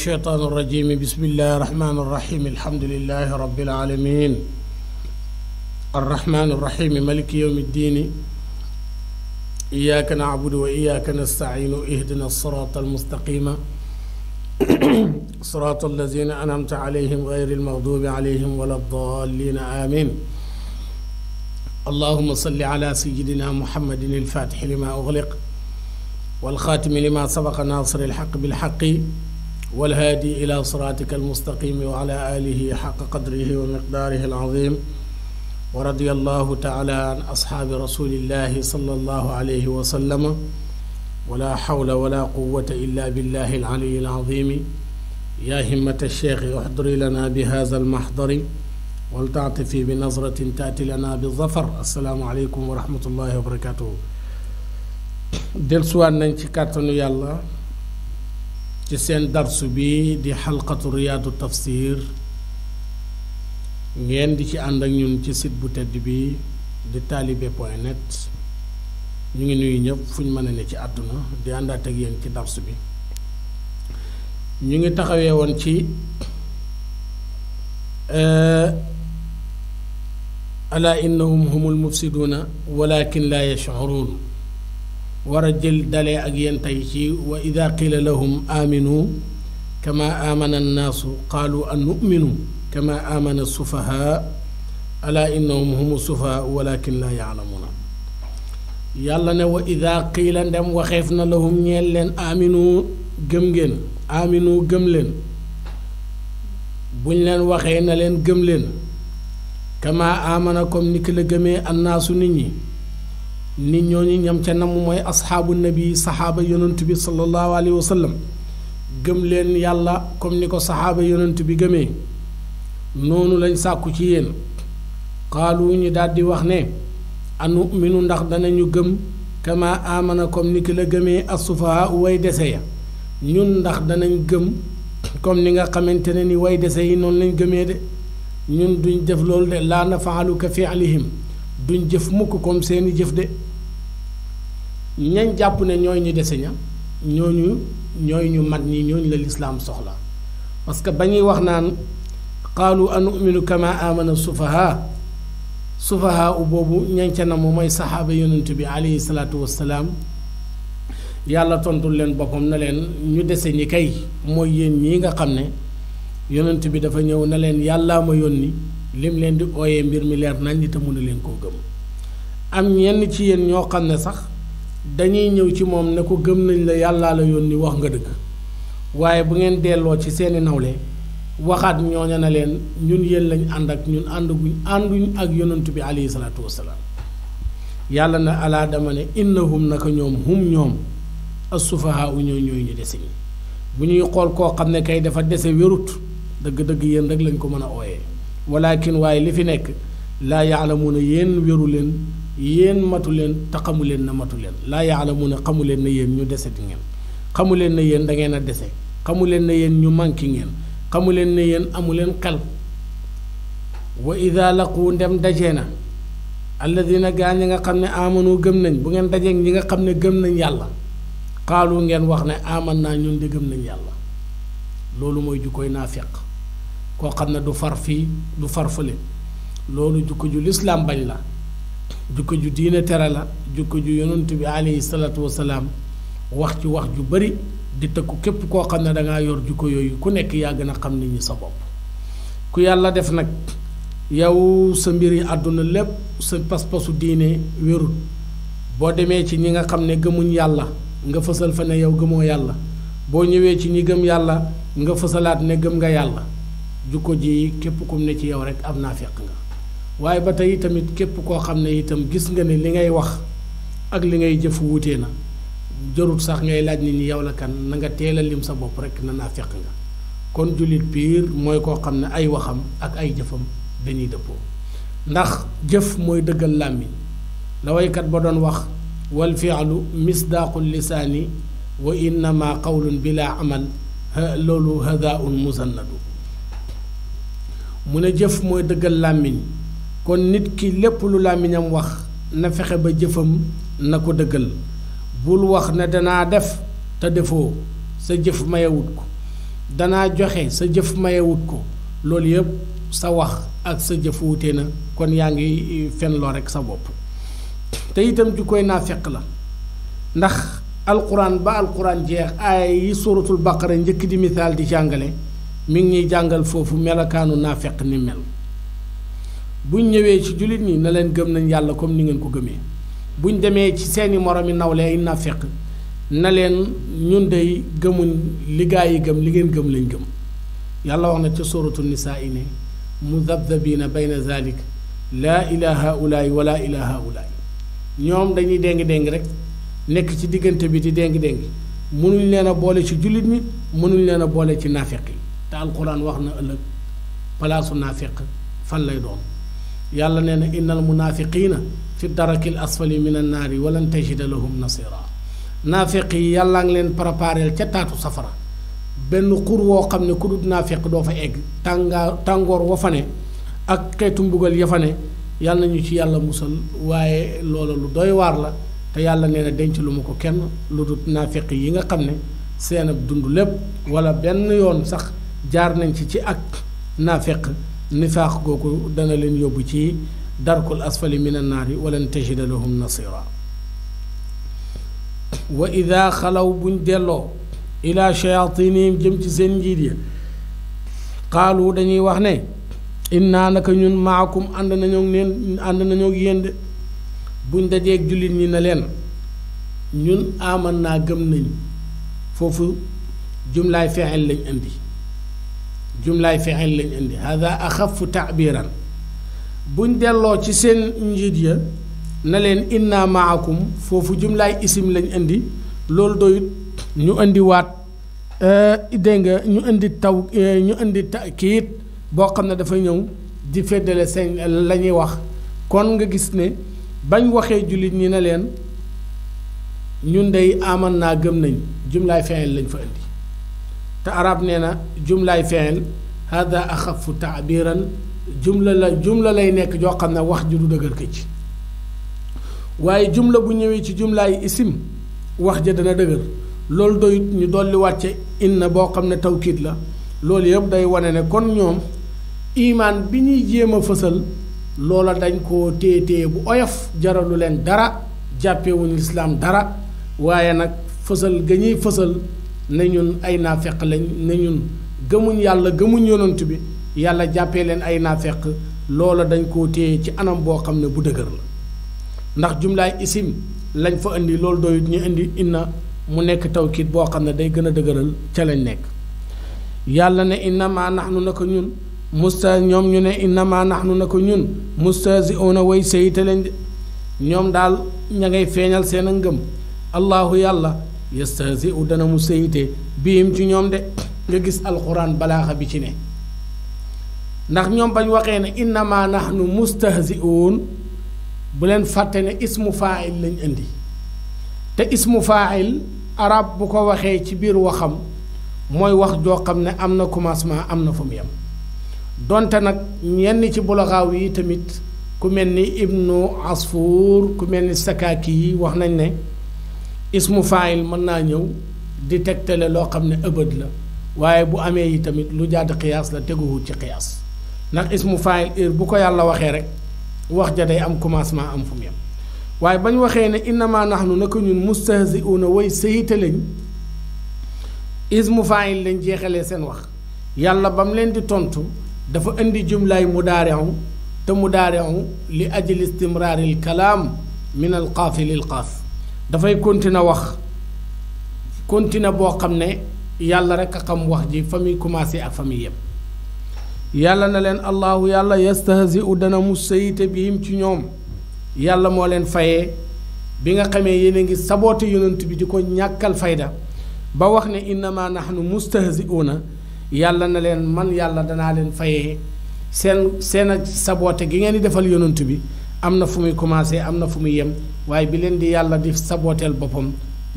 الشيطان الرجيم بسم الله الرحمن الرحيم الحمد لله رب العالمين الرحمن الرحيم ملك يوم الدين إياك نعبد وإياك نستعين اهدنا الصراط المستقيم صراط الذين أنعمت عليهم غير المغضوب عليهم ولا الضالين آمين اللهم صل على سيدنا محمد الفاتح لما أغلق والخاتم لما سبق ناصر الحق بالحق والهادي إلى صراطك المستقيم وعلى آله حق قدره ومقداره العظيم ورضي الله تعالى عن أصحاب رسول الله صلى الله عليه وسلم ولا حول ولا قوة إلا بالله العلي العظيم يا همة الشيخ احضري لنا بهذا المحضر ولتعطفي بنظرة تأتي لنا بالظفر السلام عليكم ورحمة الله وبركاته دل سوان نانتي كارتونو يالله ci seen darsu bi di xalqatu riyaadu tafsir ngeen di ci ànd ak ñun ci site bu tedd bi di taalibe point net ñu ngi nuyu ñëpp fu mën a ne ci àdduna di àndaat ak yéen ci darsu bi ñu ngi taxawee woon ci ala innahum humul mufsiduuna walakin laa yashcuruun ورجل دلي أجين تيشي وإذا قيل لهم آمنوا كما آمن الناس قالوا أن نؤمن كما آمن السفهاء ألا إنهم هم السفهاء ولكن لا يعلمون يلا وإذا قيل لهم وخفنا لهم يلن آمنوا جمجن آمنوا جملن buñ leen waxee na leen gëm leen kama amanakom nikla nit ñooñu ñam ca namm mooy asxaabu nabi saxaaba yonent bi sallallahu alayhi wa sallam gëm leen yàlla comme ni ko saxaaba yonent bi gëmee noonu lañ sàkku ci yéen wu ñu daldi wax ne anu minu ndax danañu gëm kama amana comme ni ki la gëmee assufaha way dese ya ñun ndax danañ gëm comme ni nga xamante ne ni way dese yi noonu lañ gëmee de ñun duñ def loolu de laa nafaaluka fi'lihim duñ jëf mukk comme seeni jëf de ñañ jàpp ne ñooy ñu dese ña ñooñu ñooy ñu mat ñi ñooñu la lislaam soxla parce que ba ñuy wax naan qaalu anu'minu kama amana sufaha sufaha u boobu ñañ na mu mooy saxaaba yonent bi aleyhi salaatu wassalaam yàlla tontul leen boppam na leen ñu dese ñi kay mooy yéen ñii nga xam ne yonent bi dafa ñëw na leen yàllaa ma yónni lim leen di ooye mbir mi leer nañ te mënu leen koo gëm am ñenn ci yéen ñoo xam ne sax dañuy ñëw ci moom ne ko gëm nañ la yàllaa la yónni wax nga dëgg waaye bu ngeen delloo ci seeni nawle waxaat ñooña ne leen ñun yéen lañ ànd ak ñun àndaguñ ànduñ ak yonantu bi alayhi salaatu wasalaam yàlla na alaa dama ne innahum naka ñoom hum ñoom as u ñooy ñooy ñu dese ñi bu ñuy xool koo xam ne kay dafa dese wérut dëgg-dëgg yéen rek lañ ko mën a ooyee walakin waaye li fi nekk laa yaalamuuna yéen wéru leen yéen matu leen te xamu leen na matu leen laa yaalamuuna xamu leen na yéen ñu deseti ngeen xamu leen na yéen da ngeen a dese xamu leen na yéen ñu manqué ngeen xamu leen na yéen amu leen xel wa ida laqu ndem daje na alladina gaa ñi nga xam ne amanoo gëm nañ bu ngeen dajeeg ñi nga xam ne gëm nañ yàlla xaalu ngeen wax ne aman naa ñun de gëm nañ yàlla loolu mooy ju koy naa feq ko xamne du far fi du far fele lolu jukku ju l'islam bañ la jukku ju diine tere la jukku ju yonent bi alayhi salatu wassalam wax ci wax ju bari di tekk kep ko xamne da nga yor jukko yooyu ku nek ya gëna xam ni sa bop ku yalla def nak yow sa mbiri aduna lepp sa pass passu diine wérul bo démé ci ñi nga xamne gëmuñ yalla nga fësal fa ne yow gëmo yalla bo ñëwé ci ñi gëm yalla nga ne gëm nga yalla jukko ji képp kum ne ci yow rek am naa feq nga waaye ba tey tamit képp koo xam ne itam gis nga ne li ngay wax ak li ngay jëf wuute na jarut sax ngay laaj nit ñi yow la kan na nga teel lim sa bopp rek na naa feq nga kon jullit piir mooy koo xam ay waxam ak ay jëfam dañuy dëppoo ndax jëf mooy dëggal làmmiñ la waykat ba doon wax wal fi'lu misdaaqul lisaani wa innama qawlun bila amal loolu hadaa un musannadu mu ne jëf mooy dëggal làmmiñ kon nit kii lépp lu làmmiñam wax na fexe ba jëfam na ko dëggal bul wax ne danaa def te defoo sa jëf mayewut ko danaa joxe sa jëf mayewut ko loolu yépp sa wax ak sa jëf wuute na kon yaa ngi eh, fenloo rekk sa bopp te itam ju koy naafeq la ndax alquran ba alquran jeex aaya yi suratul baqara njëkk di misaal di jàngale mi ngi ñuy jàngal foofu melokaanu naafeq ni mel buñ ñëwee ci jullit ñi na leen gëm nañ yàlla comme ni ngeen ko gëmee bu buñ demee ci seeni moromi nawle ay naafeq na leen ñun day gëmuñ li gaa yi gëm li ngeen gëm lañ gëm yàlla wax na ca sóoratu nisaa ne mudabdabiina bayna zalik laa ilaa haulaay wala ilaa haulaay ñoom dañuy déng-déng rek nekk ci diggante bi di déng-déng mënuñ leen a boole ci jullit mi mënuñ leen a boole ci naafeq yi te alquran wax na ëllëg palaasu naafiq fan lay doon yàlla nee na innal munaafiqiina fi darakil asfali min annaari walan tajida lahum nasira naafiq yi yàllaa ngi leen prépareel ca taatu safara benn xur woo xam ne ku dut naafiq doo fa egg tàngaa tàngoor wa fa ne ak xeetu mbugal ya fa ne yàlla nañu ci yàlla musal waaye loola lu doy waar la te yàlla nee na denc lu ma ko kenn lu dut naafiq yi nga xam ne seen ab dund lépp wala benn yoon sax jaar nañ ci ci ak nafiq nifaq goku dana len yóbbu ci darkul asfali min annaari walan tajid lahum nasira wa idha khalaw buñ delloo ila shayatinihim jëm ci sen njiit ya qalu dañuy wax ne inna naka ñun maakum ànd nañu ngeen ànd nañu yend buñ dajé ak julit ñi na len ñun aman gëm nañ fofu jumlaay fi'il lañ andi jumlaay fi'il lañ indi hada axafu taabiran buñ delloo ci seen njiit ya na leen inna maakum foofu jumlaay isim lañ indi loolu doyut ñu indi waat dégg nga ñu indi taw ñu indi kiit boo xam ne dafa ñëw di feddale seen la ñuy wax kon nga gis ne bañ waxee jullit ñi ne leen ñun dey aman naa gëm nañ jumlaay fi'il lañ fa indi te arab nee na jumlaay fiil hada axafu taabiran jumla la jumla lay nekk joo xam ne wax ji du dëgër këcc waaye jumla bu ñëwee ci jumlaay isim wax ja dana dëgër loolu doyut ñu dolli wàcce inna boo xam ne tawkiit la loolu yëpp day wane ne kon ñoom imaan bi ñuy jéem a fësal loola dañ koo téye téye bu oyof jaralu leen dara jàppewuñu lislaam dara waaye nag fësal ga ñuy fësal na ñun ay naafeq lañ na ñun gëmuñ yàlla gëmuñ yonant bi yàlla jàppee leen ay naafeq loola dañ koo téye ci anam boo xam ne bu dëgër la ndax jumlaay isim lañ fa indi loolu doyut ñu indi inna mu nekk tawkiit boo xam ne day gën a dëgëral ca lañ nekk yàlla ne innama nahnu na ko ñun musta ñoom ñu ne innama nahnu na ko ñun mustaziuna way sayita leen ñoom daal ña ngay feeñal seen a ngëm allahu yàlla yastahzi'u dana mu séyite biim ci ñoom de nga gis alxuraan balaaxa bi ci ne ndax ñoom bañ waxee na innama nahnu mustahzi'un bu buleen fàtte ne ismu faa'il lañ indi te ismu faa'il arab bu ko waxee ci biir waxam mooy wax joo xam ne am na commencement am na fu mu yem donte nag ñenn ci bulaxaaw yi tamit ku mel ni ibnu asfuur ku mel ni sakaaki yi wax nañ ne ismu faayil mën naa ñëw détecté tegtale loo xam ne ëbët la waaye bu amee yi tamit lu jaad xiyaas la teguwul ci xiyaas ndax ismu faayil ir bu ko yàlla waxee rek wax ja day am commencement am fu mu yem waaye ba ñu waxee ne innama nahnu naka ñun mustahziuna way sayita lañ ismu faayil lañ jeexalee seen wax yàlla ba mu leen di tontu dafa indi jumlay mudaari'u te mudaari'u li ajli istimraaril kalam min al qaafilil qaf dafay continuer wax continuer boo xam ne yàlla rek a xam wax ji fa muy commencé ak fa muy yem yàlla na leen allahu yàlla yastahzi'u dana mu sayite bihim ci ñoom yàlla moo leen fayee bi nga xamee yéen a ngi saboote yonent bi di ko ñàkkal fayda ba wax ne innama nahnu na yàlla na leen man yàlla danaa leen fayee seen seen ak saboote gi ngeen di defal yonent bi am na fu muy commencé am na fu muy yem waaye bi leen di yàlla di sabooteel boppam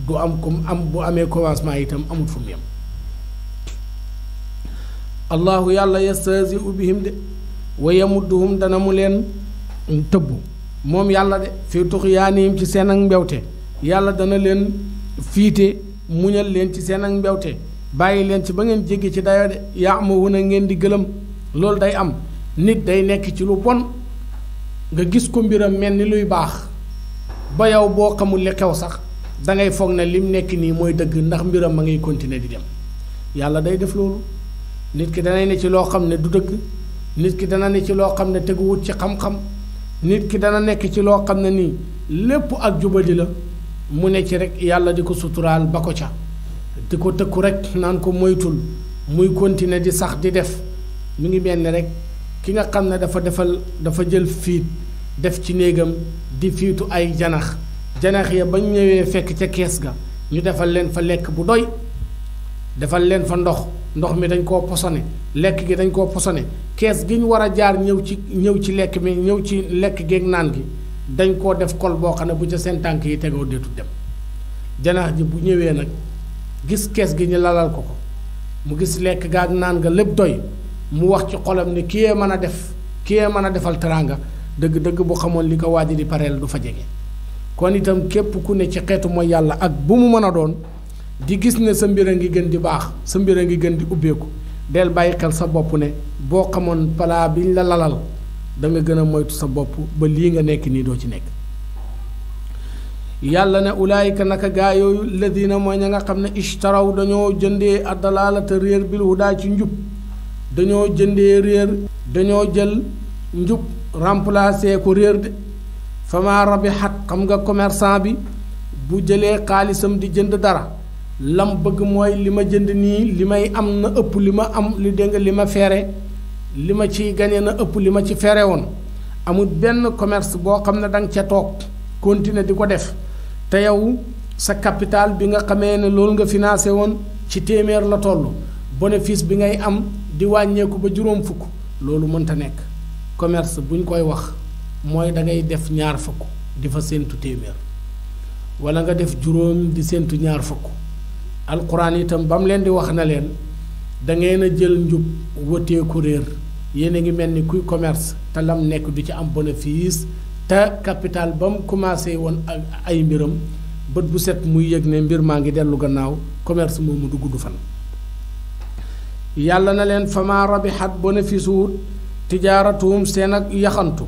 du am kum am bu amee commencement itam amul fu mu yem allahu yàlla yastahzi'u bihim de wa yamudduhum dana mu leen tëbb moom yàlla de fii tuxyaanihim ci seen ak mbewte yàlla dana leen fiite muñal leen ci seen ak mbewte bàyyi leen ci ba ngeen jéggi ci dayo de ya'mahuna ngeen di gëlëm loolu day am nit day nekk ci lu bon nga gis ko mbiram mel ni luy baax ba yow boo xamul li xew sax dangay foog ne lim nekk nii mooy dëgg ndax mbiram ma ngay continuer di dem yàlla day def loolu nit ki danay ne ci loo xam ne du dëgg nit ki dana ne ci loo xam ne teguwut ci xam-xam nit ki dana nekk ci loo xam ne nii lépp ak jubadi la mu ne ci rek yàlla di ko suturaal ba ko ca di ko tëkku rek naan ko moytul muy continuer di sax di def mu ngi mel ni rek ki nga xam ne dafa defal dafa jël fiit def ci néegam di fiitu ay janax janax ya bañ ñëwee fekk ca kees ga ñu defal leen fa lekk bu doy defal leen fa ndox ndox mi dañ koo posone lekk gi dañ koo posone kees gi ñu war a jaar ñëw ci ñëw ci lekk mi ñëw ci lekk geeg naan gi dañ koo def kol boo xam ne bu ca seen tànk yi tegoo deetu dem janax ji bu ñëwee nag gis kees gi ñu lalal ko ko mu gis lekk ga ak naan nga lépp doy mu wax ci xolam ne kiyee mën a def kiyee mën a defal teraanga dëgg dëgg bu xamoon li ko waaj di pareel du fa jege kon itam képp ku ne ci xeetu mooy yàlla ak bu mu mën a doon di gis ne sa mbir a ngi gën di baax sa mbir a ngi gën di ubbeeku del bàyyi xel sa bopp ne boo xamoon palaa bi lalalal lalal da gën a moytu sa bopp ba lii nga nekk nii doo ci nekk yàlla ne ulaayika naka gaa yooyu ladina mooy ña nga xam ne taraw dañoo jëndee addalaalata réer bil hudaa ci njub dañoo jëndee réer dañoo jël njub remplacer ko réer de fama xat xam nga commerçant bi bu jëlee xaalisam di jënd dara lam bëgg mooy li ma jënd nii li may am na ëpp li ma am li dégg li ma fere li ma ciy gañe na ëpp li ma ci fere woon amul benn commerce boo xam ne danga ca toog continuer di ko def te yow sa capital bi nga xamee ne loolu nga financé woon ci téeméer la toll bénéfice bi ngay am di wàññeeku ba juróom fukk loolu mënta nekk commerce bu ñu koy wax mooy da ngay def ñaar fukk di fa séentu téeméer wala nga def juróom di séentu ñaar fukk alquran itam ba mu leen di wax na leen da ngeen a jël njub wëteeku réer yéen a ngi mel ni kuy commerce te lam nekk du ci am bénéfice te capital ba mu commencé woon ak ay mbiram bët bu set muy yëg ne mbir maa ngi dellu gannaaw commerce moomu du gudd fan yàlla na leen fama rabihat bénéfice wut tijaaratuhum seen ak yaxantu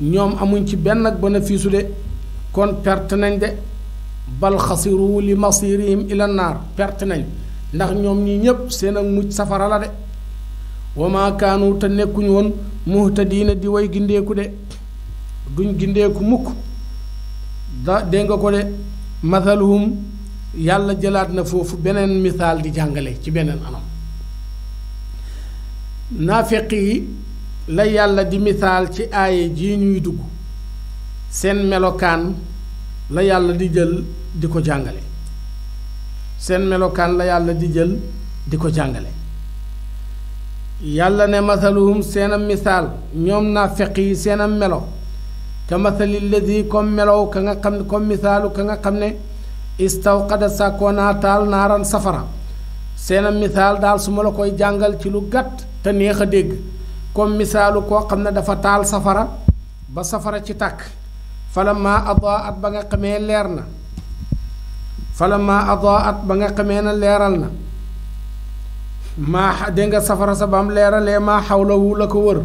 ñoom amuñ ci benn ak bénéfice de kon perte nañ de bal xasiru li masirihim ila naar perte nañ ndax ñoom ñii ñépp seen ak mujj safara la de wa maa nekkuñu te nekkuñ woon muhtadiina di way gindeeku de duñ gindeeku mukk da dégg nga ko de mathaluhum yàlla jëlaat na foofu beneen misaal di jàngale ci beneen anam naafeq yi la yàlla di misaal ci aaye ji ñuy dugg seen melokaan la yàlla di jël di ko jàngale seen melokaan la yàlla di jël di ko jàngale yàlla ne masaluhum seenam misaal ñoom naa feq yi seenam melo ka masali ladi comme melow ka nga xam ne comme misaalu ka nga xam ne istawqada sàkkoo naa taal naaran safara seenam misaal daal su ma la koy jàngal ci lu gàtt te neex a dégg comme misaalu koo xam ne dafa taal safara ba safara ci tàkk falamma adaa at ba nga xamee leer na falamma adaa at ba nga xamee na leeral na maa dégg nga safara sa baam leeralee maa xawlawu la ko wër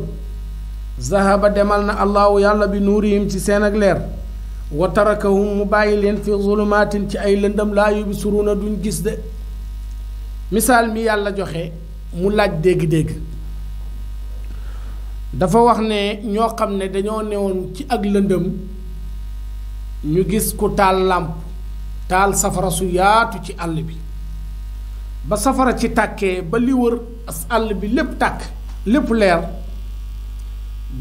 zahaba demal na allahu yàlla bi nuurihim ci seen ak leer wa tarakahum mu bàyyi leen fi zulumaatin ci ay lëndëm laa yubsiruuna duñ gis de misaal mi yàlla joxe mu laaj dégg-dégg dafa wax ne ñoo xam ne dañoo newoon ci ak lëndëm ñu gis ku taal làmp taal safara su yaatu ci àll bi ba safara ci tàkkee ba li wër àll bi lépp tàkk lépp leer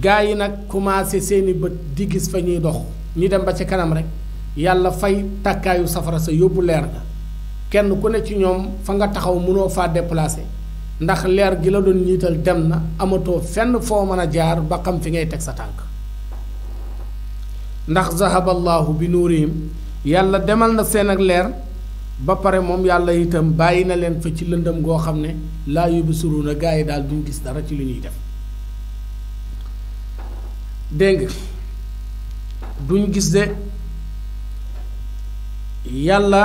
gaa yi nag commencé seeni bët di gis fa ñuy dox ñu dem ba ci kanam rekk yàlla fay tàkkaayu safara sa yóbbu leer ga kenn ku ne ci ñoom fa nga taxaw mënoo faa déplacer. ndax leer gi la doon niital dem na amatoo fenn foo mën a jaar ba xam fi ngay teg sa tànk ndax zahaballahu bi nuurihim yàlla demal na seen ak leer ba pare moom yàlla itam bàyyi na leen fa ci lëndëm goo xam ne laa yubsiruuna gaa yi daal duñ gis dara ci lu ñuy def dégg duñ gis de yàlla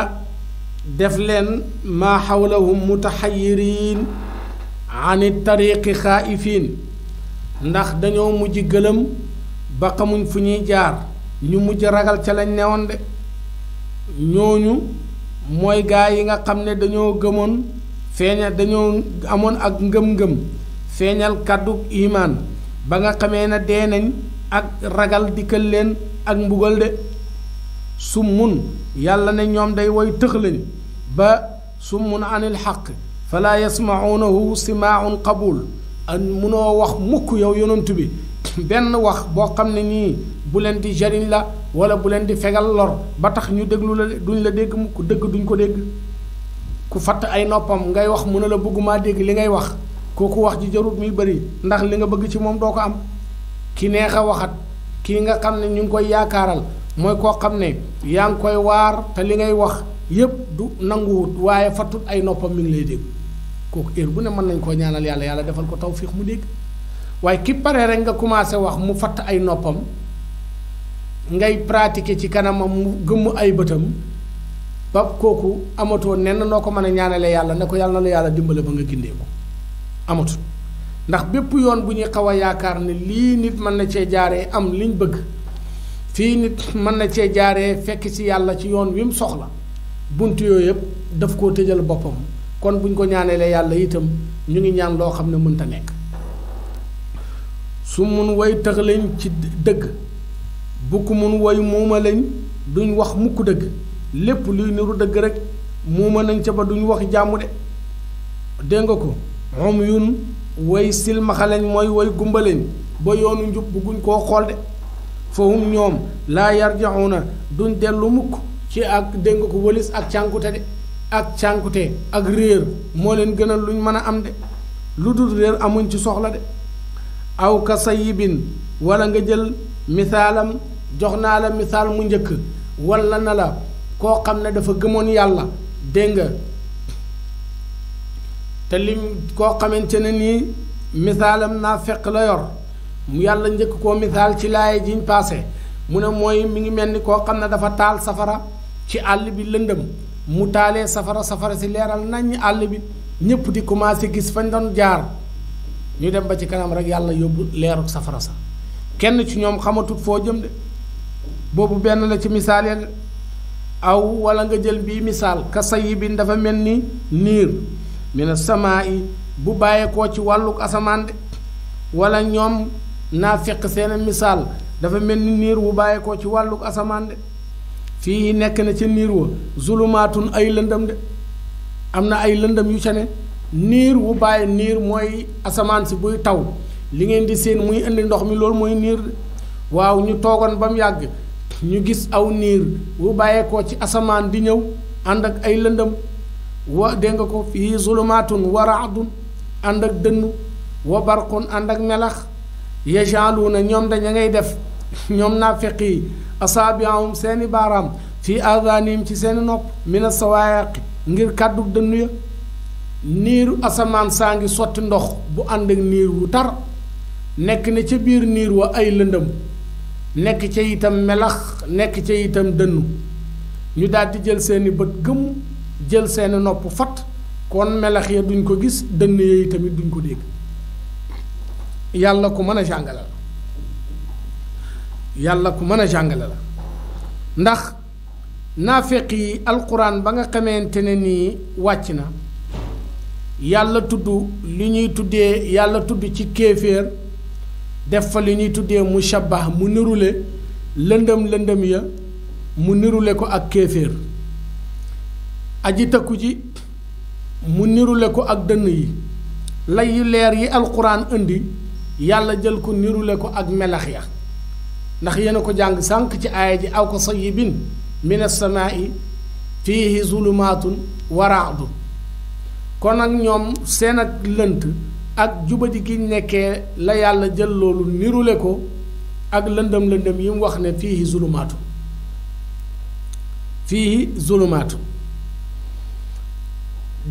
def leen mu maa xawlahum mutaxayiriin ani tariqi xaayifiin ndax dañoo mujj gëlëm ba xamuñ fu ñuy jaar ñu mujj ragal ca lañ newoon de ñooñu mooy gaa yi nga xam ne dañoo gëmoon feeñal dañoo amoon ak ngëm-ngëm feeñal kàddu imaan ba nga xamee na dee nañ ak ragal dikkal leen ak mbugal de su mun yàlla ne ñoom day woy tëx lañ ba su mun anil xaq falaa yasmaunahu simaaun qabul an munoo wax mukk yow yonent bi benn wax boo xam ne nii bu leen di jariñ la wala bu leen di fegal lor ba tax ñu déglu la duñ la dégg mukk dëgg duñ ko dégg ku fatt ay noppam ngay wax mu ne la bëggumaa dégg li ngay wax kooku wax ji jarut muy bari ndax li nga bëgg ci moom doo ko am ki neex a waxat kii nga xam ne ñu ngi koy yaakaaral mooy koo xam ne yaa ngi koy waar te li ngay wax yépp du nanguwut waaye fattut ay noppam mi ngi lay dégg kooku heure bu ne mën nañ koo ñaanal yàlla yàlla defal ko taw tawfiix mu dégg waaye ki pare rek nga commencé wax mu fatt ay noppam ngay pratiquer ci kanamam mu gëmm ay bëtam ba kooku amatoo nenn noo ko mën a ñaanale yàlla ne ko yàlla la yàlla dimbale ba nga gindee ko amatul ndax bépp yoon bu ñuy xaw a yaakaar ne lii nit mën na cee jaaree am liñ bëgg fii nit mën na cee jaaree fekk si yàlla ci yoon wi mu soxla bunt yooyu yëpp daf koo tëjal boppam kon bu ñu ko ñaaneele yàlla itam ñu ngi ñaan loo xam ne mënta nekk su mun way tëx lañ ci dëgg bukk mun way muuma lañ duñ wax mukk dëgg lépp luy niru dëgg rek muuma nañ ca ba duñ wax jàmm de dégg ko moom yun way silmaxa lañ mooy way gumba lañ ba yoonu njub bugguñ koo xool de fahum ñoom laa yar na duñ dellu mukk ci ak dégg ko wëlis ak cànkute de ak cànkute ak réer moo leen gënal luñ mën a am de lu dul réer amuñ ci soxla de aw ka sayibin wala nga jël misaalam jox naa la misaal mu njëkk wala na la koo xam ne dafa gëmoon yàlla dégg te lim koo xamante ne nii misaalam naa fekk la yor yàlla njëkk koo misaal ci laay jiñ paase mu ne mooy mi ngi mel ni koo xam ne dafa taal safara ci àll bi lëndëm mu taalee safara safara si leeral nañ àll bi ñëpp di commencé gis fañ doon jaar ñu dem ba ci kanam rek yàlla yóbbu leeruk safara sa kenn ci ñoom xamatut foo jëm de boobu benn la ci misaal ya aw wala nga jël bii misaal ka sayyibin dafa mel ni niir mina samaa yi bu bàyyeekoo ci wàlluk asamaan de wala ñoom naa fekk seen misaal dafa mel ni niir bu bàyyeekoo ci wàlluk asamaan de fii nekk na ci niir wa zulumaatun ay lëndëm de am na ay lëndëm yu ca ne niir wu bàyyi niir mooy asamaan si buy taw li ngeen di seen muy indi ndox mi loolu mooy niir de waaw ñu toogoon ba mu yàgg ñu gis aw niir wu bàyyeekoo ci asamaan di ñëw ànd ak ay lëndëm wa dégg ko fii zulumaatun wa raadun ànd ak dënnu wa barqun ànd ak melax yajaaluuna ñoom daña ngay def ñoom naa feq yi asaabiahum seeni baaraam fii aadaanihim ci seeni nopp mina sawaayaqi ngir kàddu dënn ya niiru asamaan saa ngi sotti ndox bu ànd ak niir wu tar nekk na ca biir niir wa ay lëndëm nekk ca itam melax nekk ca itam dënnu ñu daldi jël seeni bët gëmm jël seeni noppu fatt kon melax ya duñ ko gis dënn yi itamit duñ ko dégg yàlla ko mën a jàngale la yàlla ku mën a jàngale la ndax naafeq yi alxuraan ba nga xamante ne nii wàcc na yàlla tudd li ñuy tuddee yàlla tudd ci kéeféer def fa li ñuy tuddee mu shabbah mu nirule lëndëm lëndëm ya mu nirule ko ak kéeféer aji takku ji mu nirule ko ak dënn yi lay yu leer yi alxuraan indi yàlla jël ko nirule ko ak melax ya ndax yéen a ko jàng sànq ci aaya ji aw ka bin min asamaai fiihi zulumaatun wa raadu kon nag ñoom seen ak lënt ak jubadi gi nekkee la yàlla jël loolu nirule ko ak lëndëm lëndëm yi mu wax ne fiihi zulumaatu fiihi zulumaatu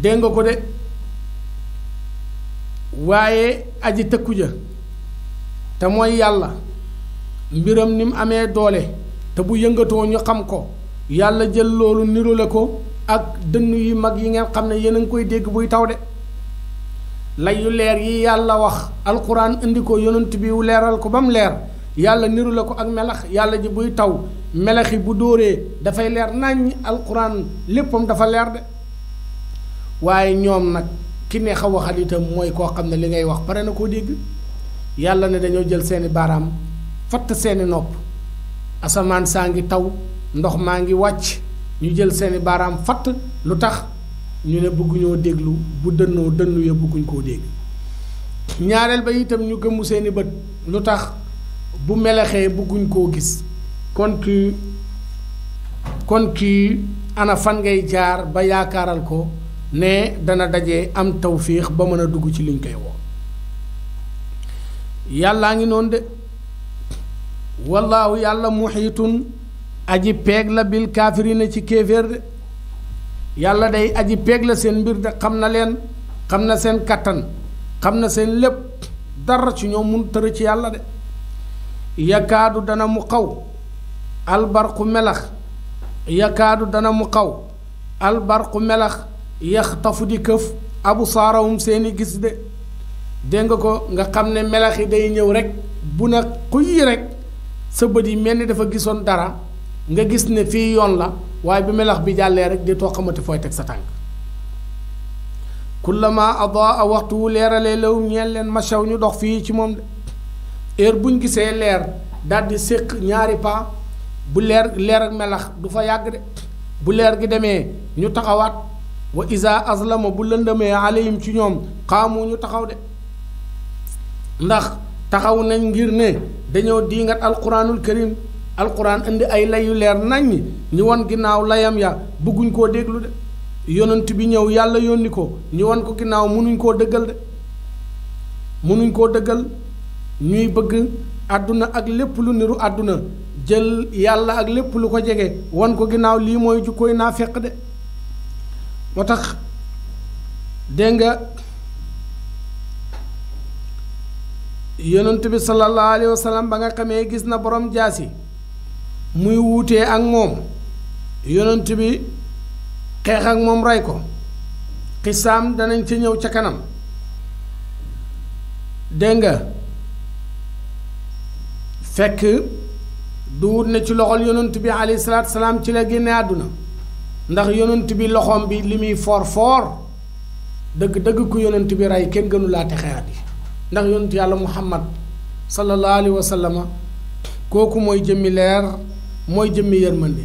dégg nga ko de waaye aji tëkku ja te mooy yàlla mbiram ni mu amee doole te bu yëngatoo ñu xam ko yàlla jël loolu nirule ko ak dënn yu mag yi ngeen xam ne yéen a ngi koy dégg buy taw de lay yu leer yi yàlla wax alquran indi ko yonent bi leeral ko ba mu leer yàlla nirule ko ak melax yàlla ji buy taw melax yi bu dóoree dafay leer naññ alquran léppam dafa leer de waaye ñoom nag ki neex a waxal mooy koo xam ne li ngay wax pare na koo dégg yàlla ne dañoo jël seeni baaraam fatt seeni nopp asamaan saa ngi taw ndox maa ngi wàcc ñu jël seeni baaraam fatt lu tax ñu ne bëgguñoo déglu bu dënnoo dënnu ya bëgguñ koo dégg ñaareel ba itam ñu gëmmu seeni bët lu tax bu melexee bëgguñ koo gis kon kii kon ki ana fan ngay jaar ba yaakaaral ko ne dana daje am tawféex ba mën a dugg ci liñ koy woo yàllaa ngi noonu de wallaahu yàlla muxitun aji peeg la bil kaafirina ci kéeféer de yàlla day aji peeg la seen mbir de xam na leen xam na seen kattan xam na seen lépp dara ci ñoom mun tër ci yàlla de yakaadu dana mu xaw albarqu melax yakaadu dana mu xaw albarqu melax yaxtafu di këf abu saarawum seeni gis de dégg ko nga xam ne melax yi day ñëw rek bu na xuy rek sa bët yi mel ni dafa gisoon dara nga gis ne fii yoon la waaye bu melax bi jàllee rek di toqamati fooy teg sa tànk kullama adaa waxtu wu leeralee law ñeel leen machaw ñu dox fii ci moom de heure buñ gisee leer daldi séq ñaari paa bu leer leer ak melax du fa yàgg de bu leer gi demee ñu taxawaat wa isa aslama bu lëndëmee alayhim ci ñoom xaamu ñu taxaw de ndax taxaw nañ ngir ne dañoo diingat alquranul karim alquran indi ay lay yu leer naññ ñi won ginnaaw layam ya bëgguñ koo déglu de yonent bi ñëw yàlla yónni ko ñi won ko ginnaaw mënuñ koo dëggal de mënuñ koo dëggal ñuy bëgg àdduna ak lépp lu niru àdduna jël yàlla ak lépp lu ko jege won ko ginnaaw lii mooy jukkooy naa feq de moo tax dégg yonent bi sallallahu alayhi wa ba nga xamee gis na borom jaasi muy wuutee ak moom yonent bi xeex ak moom rey ko xisaam danañ ci ñëw ca kanam dégg nga fekk du wut ne ci loxol yonent bi alayhi salaatu salaam ci la génne àdduna ndax yonent bi loxoom bi li muy foor foor dëgg dëgg ku yonent bi rey kenn gënu laa texee yi ndax yontu yàlla muhammad sallallahu alayhi wa sallama kooku mooy jëmmi leer mooy jëmmi yërmande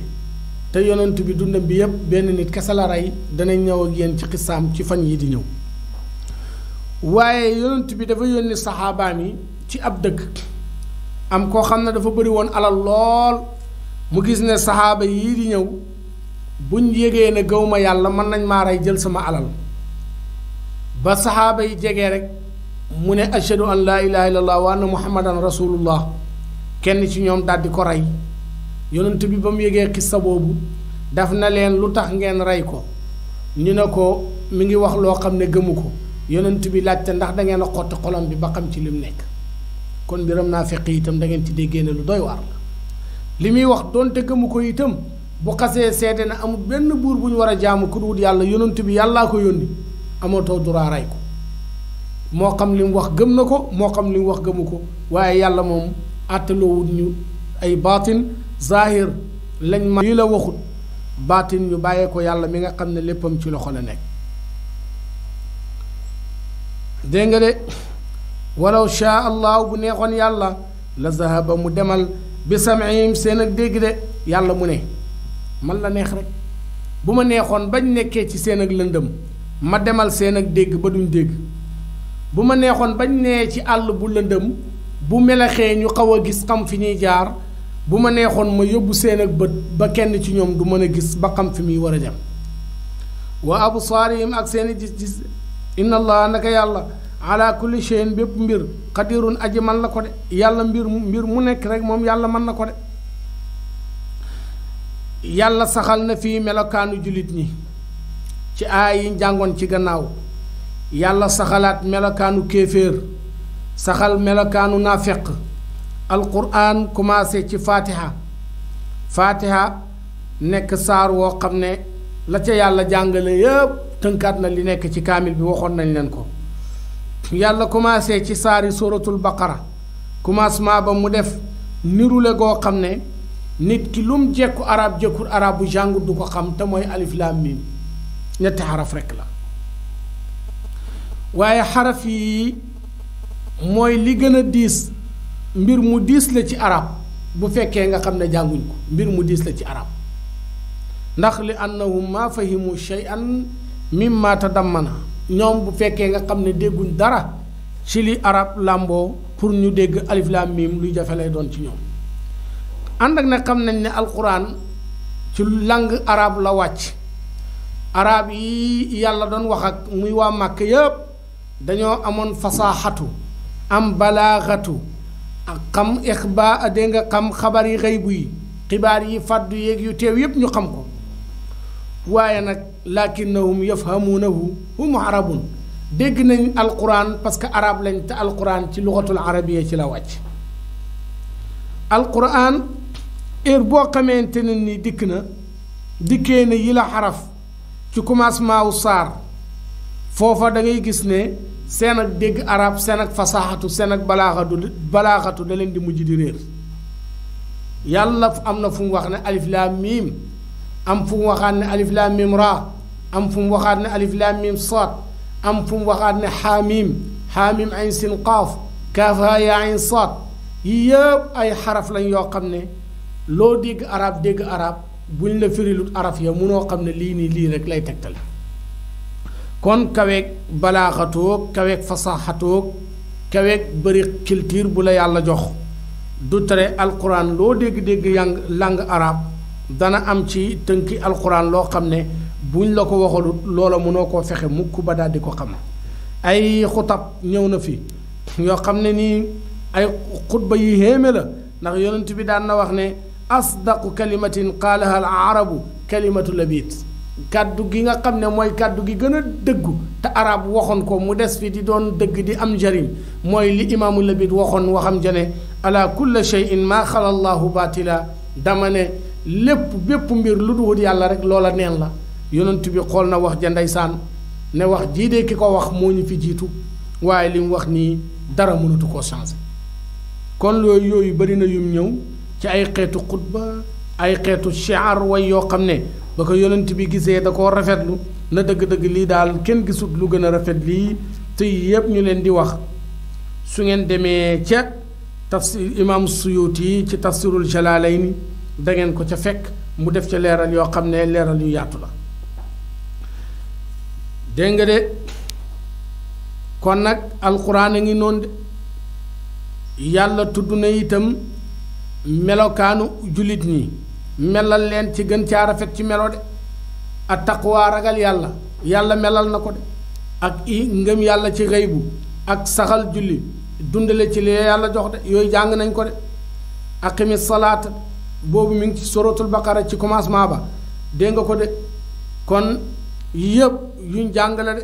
te yonent bi dundam bi yépp benn nit kese la rey danañ ñëw ak yéen ci xisaam ci fan yi di ñëw waaye yonent bi dafa yónni saxaabaam yi ci ab dëkk am koo xam ne dafa bëri woon alal lool mu gis ne saxaaba yi di ñëw buñ yégee ne gëw yàlla mën nañ maa rey jël sama alal ba saxaaba yi jege rekk mu ne ashadu an laa ilaha illallah wa anna muhammadan rasulullah kenn ci ñoom daldi ko rey yonent bi ba mu yëgee xissa boobu daf na leen lu tax ngeen rey ko ñu ne ko mu ngi wax loo xam ne gëmu ko yonent bi laajte ndax dangeen a xotti xolom bi ba xam ci lim nekk kon mbiram naa feq itam dangeen ngeen ci déggee ne lu doy waar la li muy wax doonte gëmu ko itam bu xasee seede na amul benn buur bu ñu war a jàmm ku dul yàlla yonent bi yàllaa ko yónni amatoo duraa rey ko moo xam li mu wax gëm na ko moo xam li mu wax gëmu ko waaye yàlla moom àttaloowut ñu ay baatin zahir lañ ma lii la waxut baatin yu bàyyee ko yàlla mi nga xam ne léppam ci loxo la nekk dégg nga de walaw shaa allahu bu neexoon yàlla la zahaba mu demal bi samihim seen ak dégg de yàlla mu ne man la neex rek bu ma neexoon bañ nekkee ci seen ak lëndëm ma demal seen ak dégg ba duñ dégg bu ma neexoon bañ nee ci àll bu lëndëm bu meloxee ñu xaw a gis xam fi ñuy jaar bu ma neexoon ma yóbbu seen ak bët ba kenn ci ñoom du mën a gis ba xam fi muy war a dem wa absaarihim ak seeni gis-gis inna allah naka yàlla ala kulli shay'in bépp mbir xadirun aji man la ko de yàlla mbir mbir mu nekk rek moom yàlla mën na ko de yàlla saxal na fii melokaanu jullit ñi ci aay yi njàngoon ci gannaaw yàlla saxalaat melokaanu kéeféer saxal melokaanu naafeq alquran commencé ci faatiha fatiha nekk saar woo xam ne la ca yàlla jàngale yépp tënkaat na li nekk ci kaamil bi waxoon nañ leen ko yàlla commencé ci saari suratul baqara commencement ba mu def nirule goo xam ne nit ki lum jekku arab jekkul arab bu jàngut du ko xam te mooy alif laam miim ñetti xaraf rekk la waaye xaraf yi mooy li gën a diis mbir mu diis la ci arab bu fekkee nga xam ne jànguñ ko mbir mu diis la ci arab ndax li annahum ma fahimu an mimma tadammana ñoom bu fekkee nga xam ne dégguñ dara ci li arab làmboo pour ñu dégg alif lam mim luy jafe lay doon ci ñoom ànd ak nag xam nañ ne alxuraan ci langue arab la wàcc arab yi yàlla doon wax ak muy waa màkk yépp dañoo amoon fasaaxatu am balaaxatu ak xam ixbaa dégg nga xam xabar yi xëy yi xibaar yi fàddu yeeg yu teew yépp ñu xam ko waaye nag lakinnahum yafhamuunahu hum arabun dégg nañu alquran parce que arab lañ te alquran ci luxatul arabiya ci la wàcc alquran heure boo xamante ne ni dikk na dikkee na yi la xaraf ci commencement wu saar fofa da ngay gis ne seen ak dégg arab seen ak fasaxatu seen ak balaaxatu balaaxatu da leen di mujj di réer yàlla am na fu mu wax ne alif laam mim am fu mu waxaat ne alif laam mim ra am fu mu waxaat ne alif laam mim saad am fu mu waxaat ne xaamiim xaamiim ayn sin qaf kaaf haa yaa ayn saad yii yëpp ay xaraf lañ yoo xam ne loo dégg arab dégg arab buñ la firilut araf ya munoo xam ne lii nii lii rek lay tegtale kon kaweeg balaaxatoog kaweeg fasaxatoog kaweeg bëri culture bu la yàlla jox du tere alquran loo dégg-dégg yang langue arabe dana am ci tënki alquran loo xam ne buñ la ko waxalut loola mënoo koo fexe mukk ba daal di ko xam ay xutab ñëw na fi yoo xam ne nii ay xutba yi héeme la ndax yonent bi daan na wax ne asdaqu kalimatin qaalaha al arabu kalimatu labit kàddu gi nga xam ne mooy kàddu gi gën a dëggu te arab waxoon ko mu des fi di doon dëgg di am njariñ mooy li imaamu labid waxoon waxam jane ala kulla shay'in maa xala llaahu baatila dama ne lépp bépp mbir lu duwut yàlla rek loola neen la yonent bi xool na wax ja ndeysaan ne wax jii de ki ko wax moo ñu fi jiitu waaye li wax nii dara mënatu ko changé kon loolu yooyu bari na yum ñëw ci ay xeetu xutba ay xeetu shiar way yoo xam ne ba ko yonent bi gisee da koo rafetlu na dëgg-dëgg lii daal kenn gisut lu gën a rafet lii te yépp ñu leen di wax su ngeen demee ca tafsir imaam suyuti ci tafsirul jalaalayni da ngeen ko ca fekk mu def ca leeral yoo xam ne leeral yu yaatu la dégg nga de kon nag alxuraan a ngi noon yàlla tudd na itam melokaanu jullit ñi melal leen ci gën caa rafet ci melo de ak taqwaa ragal yàlla yàlla melal na ko de ak i ngëm yàlla ci xëy bu ak saxal julli dundale ci li yàlla jox de yooyu jàng nañ ko de aqimi salaata boobu mu ngi ci suratul baqara ci commencement ba dégg nga ko de kon yëpp yuñ jàngale de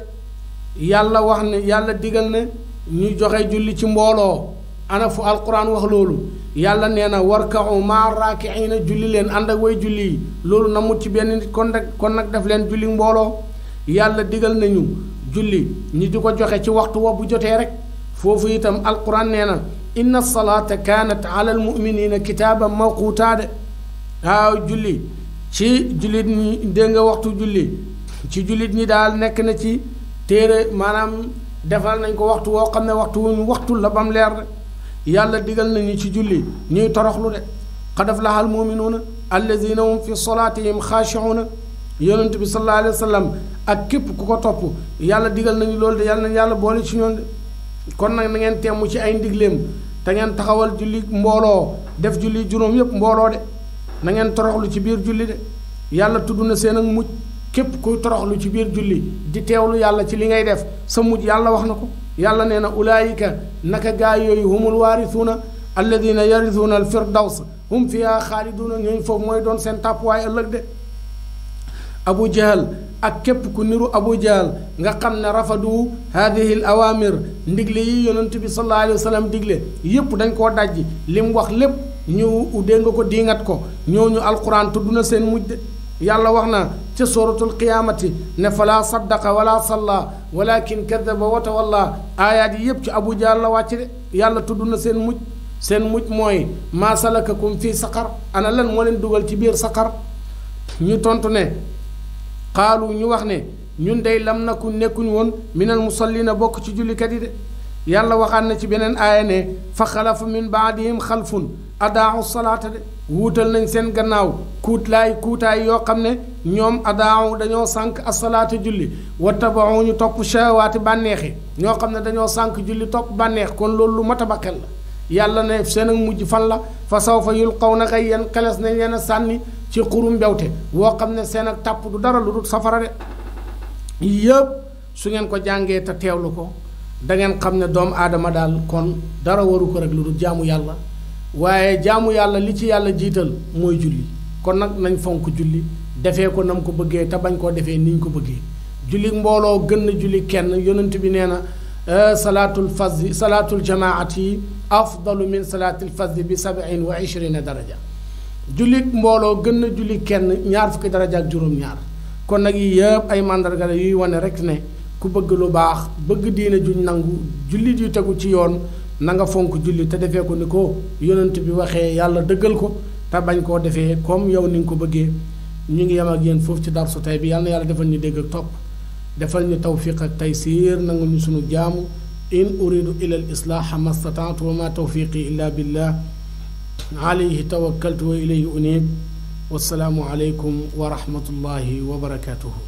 yàlla wax ne yàlla digal ne ñuy joxe julli ci mbooloo ana fu alquran wax loolu yàlla nee na warka'u ma'a raaki'iina julli leen ànd ak way julli yi loolu na mut ci benn nit kon nag kon nag def leen julli mbooloo yàlla digal nañu julli ñi di ko joxe ci waxtu wa bu jotee rek foofu itam alquran nee na inna salaata kaanat ala almuminina kitaaban mawquutaa de waaw julli ci jullit ñi dégg nga waxtu julli ci jullit ñi daal nekk na ci téere maanaam defal nañ ko waxtu woo xam ne waxtu wuñ waxtu la bam leer yàlla digal nañu ci julli ñuy toroxlu de qad aflaha al mu'minuna allazina hum fi salatihim khashi'una yonent bi sallallahu alayhi wasallam ak kep ku ko top yàlla digal nañu loolu de yàlla nañ yàlla boole ci ñoon de kon nak na ngeen temmu ci ay ndiglem ta ngeen taxawal julli mbolo def julli juróom yep mbolo de na ngeen toroxlu ci biir julli de yàlla tuduna seen ak mucc kep kuy toroxlu ci biir julli di teewlu yàlla ci li ngay def sa mucc yàlla wax na ko yàlla nee na ulaayika naka gaay yooyu humul waarisuuna alladina yarisuuna alfirdaws hum fiha xaaliduuna ñooñu foofu mooy doon seen tàppuwaay ëllëg de abu jahal ak képp ku niru abu jahal nga xam ne rafadu hadihi l awamir ndigle yi yonent bi sallallahu alayhi wa sallam digle yépp dañ koo dajji li mu wax lépp ñu udee nga ko diingat ko ñooñu alquran tudd na seen mujj de yàlla wax na ca suratul qiyaamati ne falaa saddaqa wala salla walakin kadaba wa tawalla aayaat yi yépp ci abu jahl la wàcc de yàlla tudd na seen mujj seen mujj mooy maa salakakum fii saqar ana lan moo leen dugal ci biir sa saqar ñu tontu ne xaalu ñu wax ne ñun dey lam ku nekkuñu woon minal a bokk ci jullikat yi de yàlla waxaan na ci beneen aaya ne fa xalafa min baadihim xalfun adaaxu salaata de wuutal nañ seen gannaaw kuutlaay kuutaay yoo xam ne ñoom adaaw dañoo sànq asalaata julli wa tabaxu ñu topp shawaati bànneexi ñoo xam ne dañoo sànq julli topp bànneex kon loolu lu mat a baqel yàlla ne seen mujj fan la fa saw fa yulqawna gayyan xeles nañ leen a sànni ci xurum mbewte woo xam ne seen ak tàpp du safara yëpp su ngeen ko jàngee te teewlu ko dangeen xam ne doomu aadama daal kon dara waru ko rek lu dul jaamu yàlla waaye jaamu yàlla li ci yàlla jiital mooy julli kon nag nañ fonk julli defee ko nam ko bëggee te bañ koo defee niñ ko bëggee julli mbooloo gën na jullit kenn yonent bi nee na eh, salaatul fasdi salaatul jamaati afdalu min salaatil fasdi bi sab'in wa ishrina daraja jullit mbooloo gën na julli kenn ñaar fukki daraja ak juróom-ñaar kon nag yi yëpp ay màndarga la yuy wane rek ne ku bëgg lu baax bëgg diine juñ nangu jullit yu tegul ci yoon na nga fonk julli te defee ko ni ko yonent bi waxee yàlla dëggal ko te bañ koo defee comme yow ni nga ko bëggee ñi ngi yam ak yéen foofu ci darsu tey bi yàlla na yàlla defal ñu dégg ak topp defal ñu tawfiq ak taysiir nangu ñu sunu jaamu in uridu ila al islaaha ma statatu wa ma tawfiqi illa billah alayhi tawakkaltu wa ilayhi unib والسلام عليكم ورحمه الله وبركاته